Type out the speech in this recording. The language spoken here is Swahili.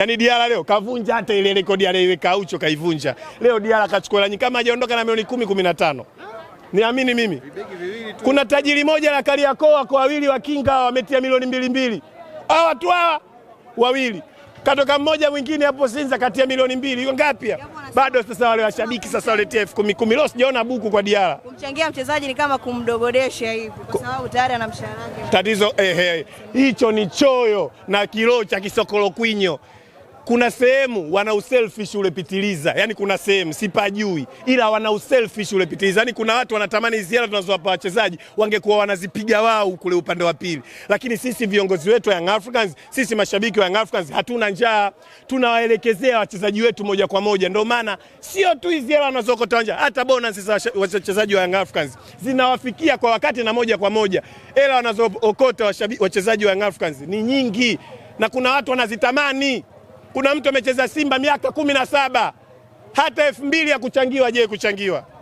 Yaani Diara leo kavunja hata ile rekodi aliyoweka Aucho kaivunja. Leo Diara kachukua nyingi kama hajaondoka na milioni 10 15. Niamini mimi. Kuna tajiri moja la Kariakoo wako wawili wa kinga wametia milioni mbili mbili. Hao watu hawa wawili. Katoka mmoja mwingine hapo Sinza katia milioni mbili. Hiyo ngapi? Bado sasa wale washabiki sasa wale TF 10 10 Leo sijaona buku kwa Diara. Kumchangia mchezaji ni kama kumdogodesha hivi kwa sababu tayari ana mshahara. Tatizo eh, eh, hicho ni choyo na kiloo cha kisokolo kwinyo kuna sehemu wana uselfish ulepitiliza, yani kuna sehemu sipajui, ila wana uselfish ulepitiliza, yani kuna watu wanatamani hizi hela tunazowapa wachezaji wangekuwa wanazipiga wao kule upande wa pili, lakini sisi viongozi wetu wa Young Africans, sisi mashabiki wa Young Africans hatuna njaa, tunawaelekezea wachezaji wetu moja kwa moja. Ndio maana sio tu hizi hela wanazokota nje, hata bonus za wachezaji wa Young Africans zinawafikia kwa wakati na moja kwa moja. Hela wanazookota wachezaji wa Young Africans ni nyingi na kuna watu wanazitamani kuna mtu amecheza Simba miaka kumi na saba hata elfu mbili ya kuchangiwa je kuchangiwa